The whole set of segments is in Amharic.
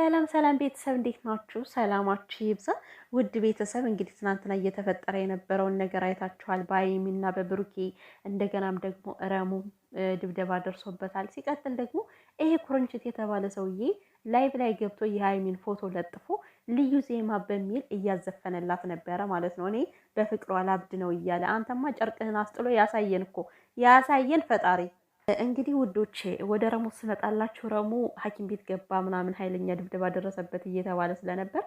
ሰላም ሰላም ቤተሰብ እንዴት ናችሁ? ሰላማችሁ ይብዛ። ውድ ቤተሰብ እንግዲህ ትናንትና እየተፈጠረ የነበረውን ነገር አይታችኋል። በሀይሚና በብሩኬ እንደገናም ደግሞ እረሙ ድብደባ ደርሶበታል። ሲቀጥል ደግሞ ይሄ ኩርንችት የተባለ ሰውዬ ላይቭ ላይ ገብቶ የሀይሚን ፎቶ ለጥፎ ልዩ ዜማ በሚል እያዘፈነላት ነበረ ማለት ነው። እኔ በፍቅሯ ላብድ ነው እያለ አንተማ ጨርቅህን አስጥሎ ያሳየን እኮ ያሳየን ፈጣሪ እንግዲህ ውዶቼ ወደ ረሙ ስመጣላችሁ ረሙ ሐኪም ቤት ገባ ምናምን ኃይለኛ ድብደባ ደረሰበት እየተባለ ስለነበር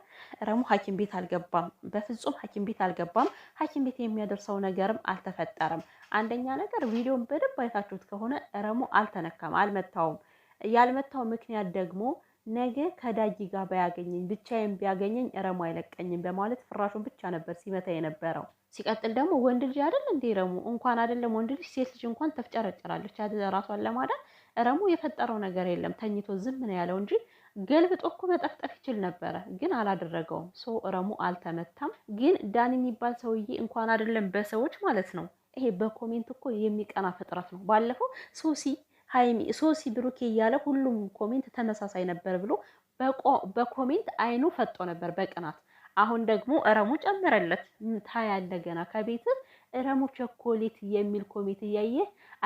ረሙ ሐኪም ቤት አልገባም። በፍጹም ሐኪም ቤት አልገባም። ሐኪም ቤት የሚያደርሰው ነገርም አልተፈጠረም። አንደኛ ነገር ቪዲዮን በደንብ አይታችሁት ከሆነ ረሙ አልተነካም፣ አልመታውም። ያልመታው ምክንያት ደግሞ ነገ ከዳጊ ጋር ባያገኘኝ ብቻዬን ቢያገኘኝ ረሙ አይለቀኝም በማለት ፍራሹን ብቻ ነበር ሲመታ የነበረው። ሲቀጥል ደግሞ ወንድ ልጅ አይደል እንዴ ረሙ እንኳን አይደለም ወንድ ልጅ ሴት ልጅ እንኳን ተፍጨረጨራለች። ራሷን ለማዳን ረሙ የፈጠረው ነገር የለም ተኝቶ ዝም ነው ያለው እንጂ ገልብጦ እኮ መጠፍጠፍ ይችል ነበረ፣ ግን አላደረገውም። ሶ ረሙ አልተመታም። ግን ዳን የሚባል ሰውዬ እንኳን አይደለም በሰዎች ማለት ነው። ይሄ በኮሜንት እኮ የሚቀና ፍጥረት ነው። ባለፈው ሶሲ ሀይሚ ሶሲ ብሩኬ እያለ ሁሉም ኮሜንት ተመሳሳይ ነበር ብሎ በኮሜንት አይኑ ፈጦ ነበር በቅናት አሁን ደግሞ እረሙ ጨምረለት ታያለ። ገና ከቤት እረሙ ቸኮሌት የሚል ኮሜት እያየ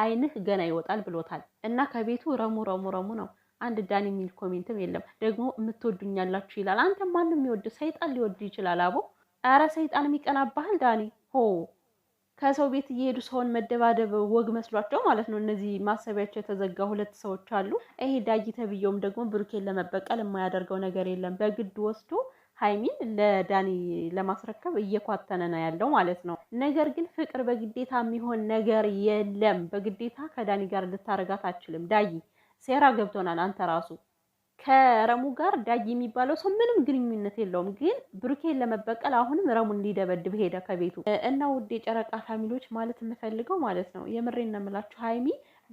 አይንህ ገና ይወጣል ብሎታል። እና ከቤቱ ረሙ ረሙ ረሙ ነው። አንድ ዳን የሚል ኮሜንትም የለም። ደግሞ የምትወዱኛላችሁ ይላል። አንተ ማንም የሚወድ ሰይጣን ሊወድ ይችላል። አቦ አረ ሰይጣን የሚቀናባህል ዳኒ ሆ ከሰው ቤት እየሄዱ ሰውን መደባደብ ወግ መስሏቸው ማለት ነው። እነዚህ ማሰቢያቸው የተዘጋ ሁለት ሰዎች አሉ። ይሄ ዳጊ ተብዬውም ደግሞ ብሩኬን ለመበቀል የማያደርገው ነገር የለም። በግድ ወስዶ ሀይሚን ለዳኒ ለማስረከብ እየኳተነ ነው ያለው ማለት ነው። ነገር ግን ፍቅር በግዴታ የሚሆን ነገር የለም። በግዴታ ከዳኒ ጋር ልታረጋት አችልም። ዳይ ሴራ ገብቶናል። አንተ ራሱ ከረሙ ጋር ዳይ የሚባለው ሰው ምንም ግንኙነት የለውም። ግን ብሩኬን ለመበቀል አሁንም ረሙን እንዲደበድብ ሄደ ከቤቱ እና ውድ የጨረቃ ፋሚሊዎች ማለት የምፈልገው ማለት ነው የምሬ ነው ሀይሚ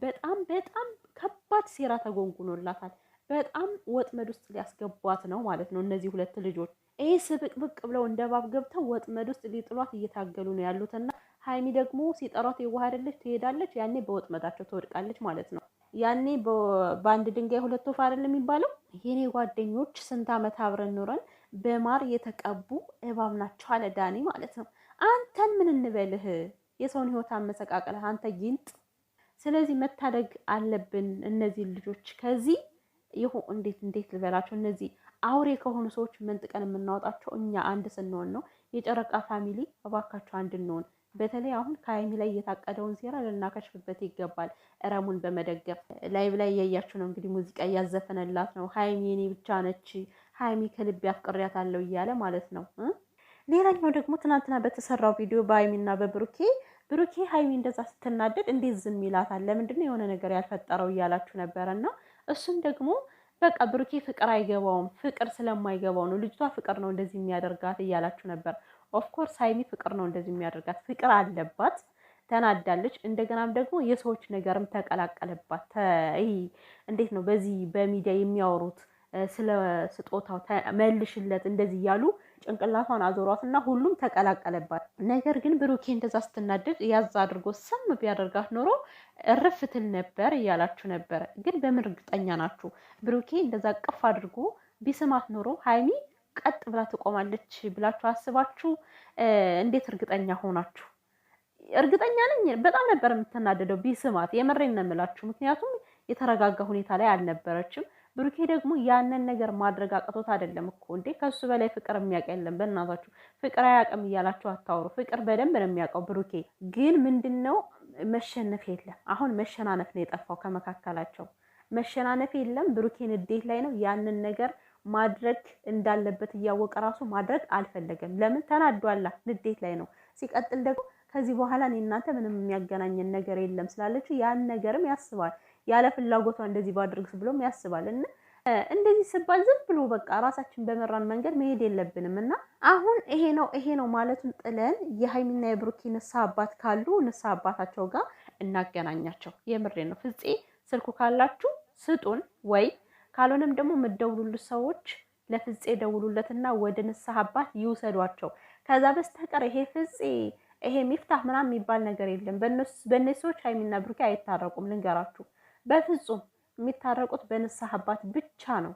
በጣም በጣም ከባድ ሴራ ተጎንጉኖላታል። በጣም ወጥመድ ውስጥ ሊያስገቧት ነው ማለት ነው። እነዚህ ሁለት ልጆች ይህ ስብቅብቅ ብለው እንደ ባብ ገብተው ወጥመድ ውስጥ ሊጥሏት እየታገሉ ነው ያሉትና ሀይሚ ደግሞ ሲጠሯት የዋህ ትሄዳለች። ያኔ በወጥመዳቸው ትወድቃለች ማለት ነው። ያኔ በአንድ ድንጋይ ሁለት ወፍ አይደለም የሚባለው። የኔ ጓደኞች ስንት ዓመት አብረን ኖረን በማር የተቀቡ እባብ ናቸው አለ ዳኒ ማለት ነው። አንተን ምን እንበልህ? የሰውን ህይወት አመሰቃቀለህ አንተ ይንጥ። ስለዚህ መታደግ አለብን እነዚህ ልጆች ከዚህ ይሁ እንዴት እንዴት ልበላቸው እነዚህ አውሬ ከሆኑ ሰዎች መንጥቀን የምናወጣቸው እኛ አንድ ስንሆን ነው። የጨረቃ ፋሚሊ እባካቸው አንድ እንሆን። በተለይ አሁን ከሀይሚ ላይ እየታቀደውን ሴራ ልናከሽፍበት ይገባል። እረሙን በመደገፍ ላይቭ ላይ እያያችሁ ነው እንግዲህ ሙዚቃ እያዘፈነላት ነው። ሀይሚ የኔ ብቻ ነች፣ ሀይሚ ከልቤ አፍቅሬያት አለው እያለ ማለት ነው። ሌላኛው ደግሞ ትናንትና በተሰራው ቪዲዮ በሀይሚና በብሩኬ ብሩኬ ሀይሚ እንደዛ ስትናደድ እንዴት ዝም ይላታል? ለምንድነው የሆነ ነገር ያልፈጠረው እያላችሁ ነበረና እሱም ደግሞ በቃ ብሩኬ ፍቅር አይገባውም፣ ፍቅር ስለማይገባው ነው ልጅቷ ፍቅር ነው እንደዚህ የሚያደርጋት እያላችሁ ነበር። ኦፍኮርስ ሀይሚ ፍቅር ነው እንደዚህ የሚያደርጋት፣ ፍቅር አለባት፣ ተናዳለች። እንደገናም ደግሞ የሰዎች ነገርም ተቀላቀለባት። እንዴት ነው በዚህ በሚዲያ የሚያወሩት ስለ ስጦታው መልሽለት እንደዚህ እያሉ ጭንቅላቷን አዞሯት እና ሁሉም ተቀላቀለባት። ነገር ግን ብሩኬ እንደዛ ስትናደድ ያዝ አድርጎ ስም ቢያደርጋት ኖሮ እርፍትል ነበር እያላችሁ ነበረ። ግን በምን እርግጠኛ ናችሁ? ብሩኬ እንደዛ ቅፍ አድርጎ ቢስማት ኖሮ ሀይሚ ቀጥ ብላ ትቆማለች ብላችሁ አስባችሁ እንዴት እርግጠኛ ሆናችሁ? እርግጠኛ ነኝ በጣም ነበር የምትናደደው ቢስማት። የምሬን ነው የምላችሁ። ምክንያቱም የተረጋጋ ሁኔታ ላይ አልነበረችም። ብሩኬ ደግሞ ያንን ነገር ማድረግ አቅቶት አይደለም እኮ እንዴ። ከሱ በላይ ፍቅር የሚያውቅ የለም። በእናታችሁ ፍቅር አያውቅም እያላችሁ አታውሩ። ፍቅር በደንብ ነው የሚያውቀው። ብሩኬ ግን ምንድን ነው መሸነፍ የለም። አሁን መሸናነፍ ነው የጠፋው ከመካከላቸው። መሸናነፍ የለም። ብሩኬ ንዴት ላይ ነው። ያንን ነገር ማድረግ እንዳለበት እያወቀ ራሱ ማድረግ አልፈለገም። ለምን ተናዷላ፣ ንዴት ላይ ነው። ሲቀጥል ደግሞ ከዚህ በኋላ እኔ እናንተ ምንም የሚያገናኘን ነገር የለም ስላለችው ያን ነገርም ያስባል። ያለ ፍላጎቷ እንደዚህ ባድርግስ ብሎም ያስባል እና እንደዚህ ስባል ዝም ብሎ በቃ ራሳችን በመራን መንገድ መሄድ የለብንም እና አሁን ይሄ ነው ይሄ ነው ማለቱን ጥለን የሀይሚና የብሩኪ ንስሐ አባት ካሉ ንስሐ አባታቸው ጋር እናገናኛቸው። የምሬ ነው። ፍፄ ስልኩ ካላችሁ ስጡን፣ ወይ ካልሆነም ደግሞ የምትደውሉለት ሰዎች ለፍፄ ደውሉለትና ወደ ንስሐ አባት ይውሰዷቸው። ከዛ በስተቀር ይሄ ፍፄ ይሄ ሚፍታህ ምናምን የሚባል ነገር የለም። በእነሱ ሰዎች ሀይሚና ብሩኪ አይታረቁም፣ ልንገራችሁ በፍጹም የሚታረቁት በንስሐ አባት ብቻ ነው።